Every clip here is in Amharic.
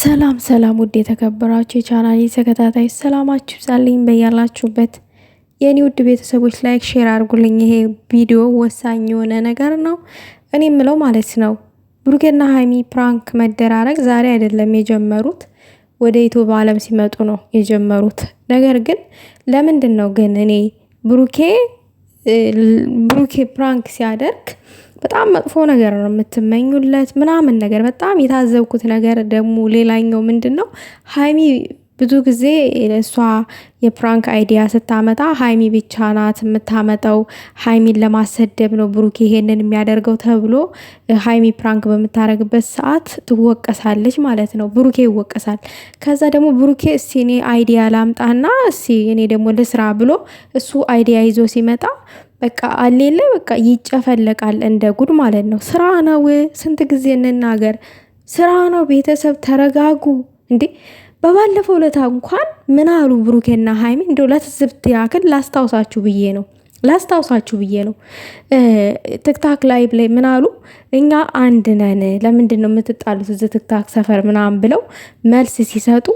ሰላም ሰላም ውድ የተከበራችሁ የቻናሌ ተከታታይ ሰላማችሁ ይብዛልኝ በያላችሁበት የእኔ ውድ ቤተሰቦች ላይክ ሼር አድርጉልኝ ይሄ ቪዲዮ ወሳኝ የሆነ ነገር ነው እኔ የምለው ማለት ነው ብሩኬና ሀይሚ ፕራንክ መደራረግ ዛሬ አይደለም የጀመሩት ወደ ኢትዮ በአለም ሲመጡ ነው የጀመሩት ነገር ግን ለምንድን ነው ግን እኔ ብሩኬ ብሩኬ ፕራንክ ሲያደርግ በጣም መጥፎ ነገር ነው የምትመኙለት ምናምን ነገር በጣም የታዘብኩት ነገር ደግሞ ሌላኛው ምንድን ነው ሀይሚ ብዙ ጊዜ እሷ የፕራንክ አይዲያ ስታመጣ ሀይሚ ብቻ ናት የምታመጣው። ሀይሚን ለማሰደብ ነው ብሩክ ይሄንን የሚያደርገው ተብሎ ሀይሚ ፕራንክ በምታደርግበት ሰዓት ትወቀሳለች ማለት ነው። ብሩኬ ይወቀሳል። ከዛ ደግሞ ብሩኬ እስቲ እኔ አይዲያ ላምጣና እስቲ እኔ ደግሞ ልስራ ብሎ እሱ አይዲያ ይዞ ሲመጣ በቃ አሌለ በቃ ይጨፈለቃል እንደ ጉድ ማለት ነው። ስራ ነው። ስንት ጊዜ እንናገር፣ ስራ ነው። ቤተሰብ ተረጋጉ እንዴ በባለፈው ለታ እንኳን ምን አሉ ብሩኬና ሀይሚ እንደው ለትዝብት ያክል ላስታውሳችሁ ብዬ ነው ላስታውሳችሁ ብዬ ነው። ትክታክ ላይ ላይ ምን አሉ እኛ አንድ ነን፣ ለምንድን ነው የምትጣሉት እዚህ ትክታክ ሰፈር ምናምን ብለው መልስ ሲሰጡ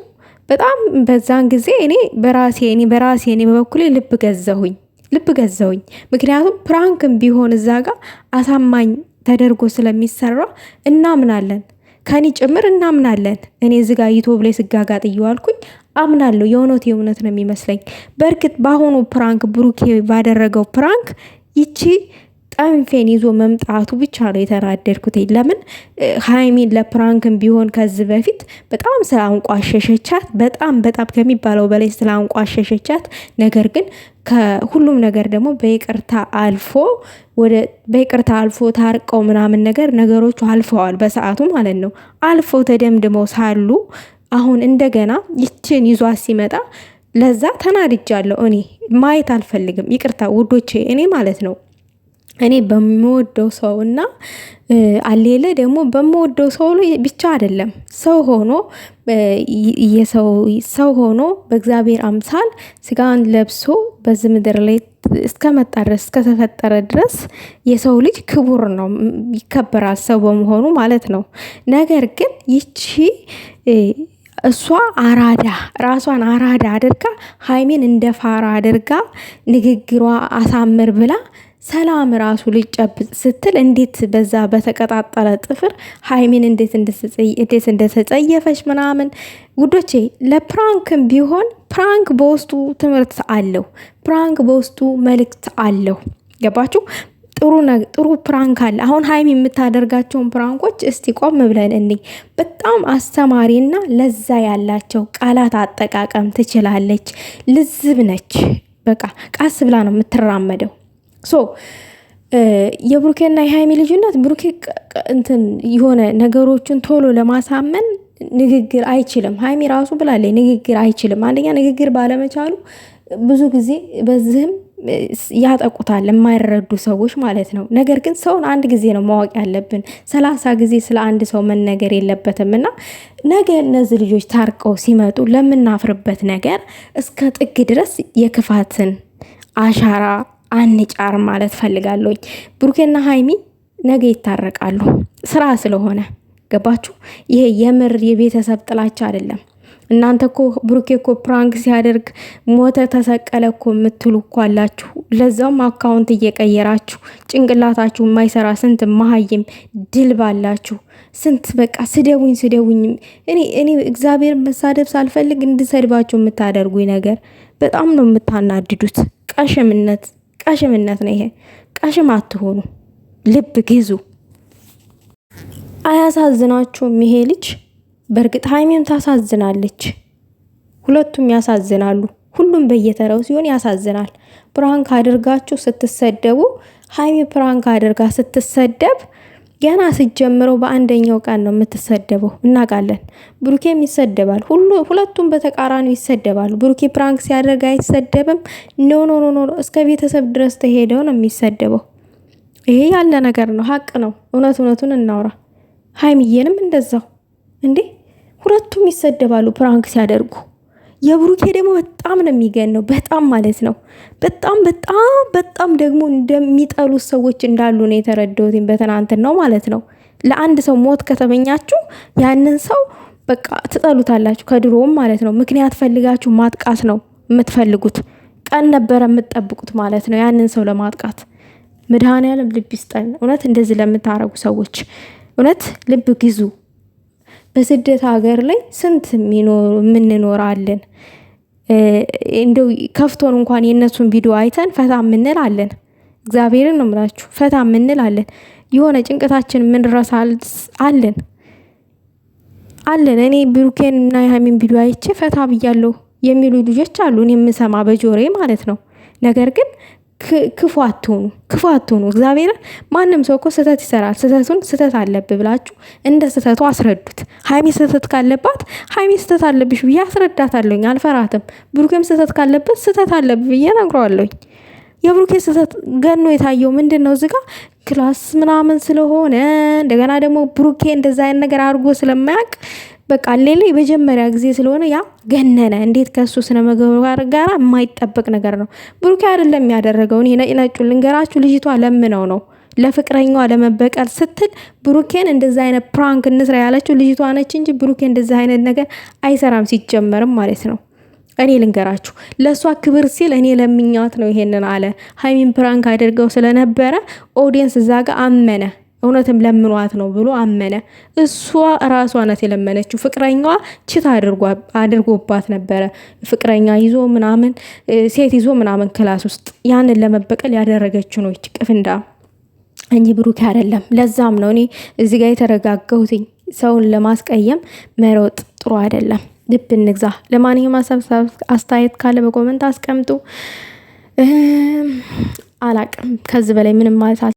በጣም በዛን ጊዜ እኔ በራሴ እኔ በራሴ እኔ በበኩሌ ልብ ገዘሁኝ ልብ ገዘውኝ። ምክንያቱም ፕራንክም ቢሆን እዛ ጋር አሳማኝ ተደርጎ ስለሚሰራ እናምናለን። ከኔ ጭምር እናምናለን። እኔ እዚህ ጋር ዩቱብ ላይ ስጋጋጥ እየዋልኩኝ አምናለሁ። የእውነት የእውነት ነው የሚመስለኝ። በእርግጥ በአሁኑ ፕራንክ ብሩኬ ባደረገው ፕራንክ ይቺ ጠንፌን ይዞ መምጣቱ ብቻ ነው የተናደድኩት። ለምን ሀይሚን ለፕራንክም ቢሆን ከዚህ በፊት በጣም ስላንቋሸሸቻት በጣም በጣም ከሚባለው በላይ ስላንቋሸሸቻት፣ ነገር ግን ከሁሉም ነገር ደግሞ በይቅርታ አልፎ ወደ በይቅርታ አልፎ ታርቀው ምናምን ነገር ነገሮቹ አልፈዋል፣ በሰዓቱ ማለት ነው። አልፎ ተደምድመው ሳሉ አሁን እንደገና ይችን ይዟት ሲመጣ ለዛ ተናድጃለሁ። እኔ ማየት አልፈልግም። ይቅርታ ውዶቼ፣ እኔ ማለት ነው እኔ በምወደው ሰው እና አሌለ ደግሞ በምወደው ሰው ብቻ አይደለም ሰው ሆኖ ሰው ሆኖ በእግዚአብሔር አምሳል ስጋን ለብሶ በዚህ ምድር ላይ እስከመጣ ድረስ እስከተፈጠረ ድረስ የሰው ልጅ ክቡር ነው፣ ይከበራል ሰው በመሆኑ ማለት ነው። ነገር ግን ይቺ እሷ አራዳ ራሷን አራዳ አድርጋ ሀይሜን እንደ ፋራ አድርጋ ንግግሯ አሳምር ብላ ሰላም ራሱ ልጨብጥ ስትል እንዴት በዛ በተቀጣጠረ ጥፍር ሀይሚን እንዴት እንደተጸየፈች ምናምን። ውዶቼ ለፕራንክም ቢሆን ፕራንክ በውስጡ ትምህርት አለው፣ ፕራንክ በውስጡ መልእክት አለው። ገባችሁ? ጥሩ ፕራንክ አለ። አሁን ሀይሚ የምታደርጋቸውን ፕራንኮች እስቲ ቆም ብለን እኔ በጣም አስተማሪና ለዛ ያላቸው ቃላት አጠቃቀም ትችላለች። ልዝብ ነች። በቃ ቃስ ብላ ነው የምትራመደው። ሶ የብሩኬና የሀይሚ ልጅነት ብሩኬ እንትን የሆነ ነገሮችን ቶሎ ለማሳመን ንግግር አይችልም። ሀይሚ ራሱ ብላለች ንግግር አይችልም። አንደኛ ንግግር ባለመቻሉ ብዙ ጊዜ በዚህም ያጠቁታል የማይረዱ ሰዎች ማለት ነው። ነገር ግን ሰውን አንድ ጊዜ ነው ማወቅ ያለብን። ሰላሳ ጊዜ ስለ አንድ ሰው መነገር የለበትም እና ነገ እነዚህ ልጆች ታርቀው ሲመጡ ለምናፍርበት ነገር እስከ ጥግ ድረስ የክፋትን አሻራ አንጫር ማለት ፈልጋለሁኝ። ብሩኬና ሀይሚ ነገ ይታረቃሉ። ስራ ስለሆነ ገባችሁ? ይሄ የምር የቤተሰብ ጥላቻ አይደለም። እናንተ እኮ ብሩኬ እኮ ፕራንክ ሲያደርግ ሞተ ተሰቀለ እኮ የምትሉ እኮ አላችሁ። ለዛውም አካውንት እየቀየራችሁ ጭንቅላታችሁ የማይሰራ ስንት መሀይም ድል ባላችሁ ስንት በቃ ስደቡኝ ስደቡኝ። እኔ እኔ እግዚአብሔር መሳደብ ሳልፈልግ እንድሰድባችሁ የምታደርጉኝ ነገር በጣም ነው የምታናድዱት። ቀሽምነት ቃሽምነት ነው ይሄ። ቃሽም አትሆኑ፣ ልብ ግዙ። አያሳዝናችሁም? ይሄ ልጅ በእርግጥ ሀይሜም ታሳዝናለች፣ ሁለቱም ያሳዝናሉ። ሁሉም በየተራው ሲሆን ያሳዝናል። ፕራንክ አድርጋችሁ ስትሰደቡ ሀይሜ ፕራንክ አድርጋ ስትሰደብ ገና ስጀምረው በአንደኛው ቀን ነው የምትሰደበው። እናውቃለን። ብሩኬም ይሰደባል። ሁሉ ሁለቱም በተቃራኒ ይሰደባሉ። ብሩኬ ፕራንክ ሲያደርግ አይሰደብም። ኖ ኖ ኖ ኖ እስከ ቤተሰብ ድረስ ተሄደው ነው የሚሰደበው። ይሄ ያለ ነገር ነው። ሀቅ ነው። እውነት እውነቱን እናውራ። ሀይምየንም እንደዛው እንዴ፣ ሁለቱም ይሰደባሉ ፕራንክ ሲያደርጉ የብሩኬ ደግሞ በጣም ነው የሚገነው። በጣም ማለት ነው በጣም በጣም በጣም ደግሞ እንደሚጠሉት ሰዎች እንዳሉ ነው የተረዳሁት በትናንትናው ማለት ነው። ለአንድ ሰው ሞት ከተመኛችሁ ያንን ሰው በቃ ትጠሉታላችሁ ከድሮም ማለት ነው። ምክንያት ፈልጋችሁ ማጥቃት ነው የምትፈልጉት። ቀን ነበረ የምትጠብቁት ማለት ነው ያንን ሰው ለማጥቃት። መድኃኔዓለም ልብ ይስጠን እውነት እንደዚህ ለምታረጉ ሰዎች እውነት ልብ ግዙ። በስደት ሀገር ላይ ስንት የምንኖራለን። እንደው ከፍቶን እንኳን የእነሱን ቪዲዮ አይተን ፈታ የምንል አለን። እግዚአብሔርን ነው ምላችሁ ፈታ የምንል አለን። የሆነ ጭንቀታችን የምንረሳ አለን አለን። እኔ ብሩኬን እና የሃሚን ቪዲዮ አይቼ ፈታ ብያለሁ የሚሉ ልጆች አሉ፣ እኔ የምሰማ በጆሬ ማለት ነው። ነገር ግን ክፉ አትሆኑ፣ ክፉ አትሆኑ። እግዚአብሔርን ማንም ሰው እኮ ስህተት ይሰራል። ስህተቱን ስህተት አለብ ብላችሁ እንደ ስህተቱ አስረዱት። ሀይሚ ስህተት ካለባት ሀይሚ ስህተት አለብሽ ብዬ አስረዳታለሁኝ፣ አልፈራትም። ብሩኬም ስህተት ካለበት ስህተት አለብ ብዬ ነግረዋለሁኝ። የብሩኬ ስህተት ገኖ የታየው ምንድን ነው? እዚጋ ክላስ ምናምን ስለሆነ እንደገና ደግሞ ብሩኬ እንደዛ አይነት ነገር አድርጎ ስለማያውቅ በቃ ሌላ የመጀመሪያ ጊዜ ስለሆነ ያ ገነነ። እንዴት ከእሱ ስነ ምግባር ጋር የማይጠበቅ ነገር ነው። ብሩኬ አይደለም ያደረገውን እኔ ነጩ ልንገራችሁ፣ ልጅቷ ለምነው ነው ለፍቅረኛዋ ለመበቀል ስትል ብሩኬን እንደዚ አይነት ፕራንክ እንስራ ያለችው ልጅቷ ነች እንጂ ብሩኬ እንደዚ አይነት ነገር አይሰራም ሲጀመርም ማለት ነው። እኔ ልንገራችሁ ለእሷ ክብር ሲል እኔ ለምኛት ነው ይሄንን አለ። ሀይሚን ፕራንክ አድርገው ስለነበረ ኦዲየንስ እዛ ጋር አመነ። እውነትም ለምኗት ነው ብሎ አመነ። እሷ ራሷ ናት የለመነችው። ፍቅረኛዋ ችት አድርጎባት ነበረ። ፍቅረኛ ይዞ ምናምን ሴት ይዞ ምናምን ክላስ ውስጥ ያንን ለመበቀል ያደረገችው ነው ይች ቅፍንዳ እንጂ ብሩክ አይደለም። ለዛም ነው እኔ እዚህ ጋር የተረጋጋሁትኝ። ሰውን ለማስቀየም መሮጥ ጥሩ አይደለም። ልብ እንግዛ። ለማንኛውም ሀሳብ፣ አስተያየት ካለ በኮመንት አስቀምጡ። አላቅም ከዚህ በላይ ምንም ማለት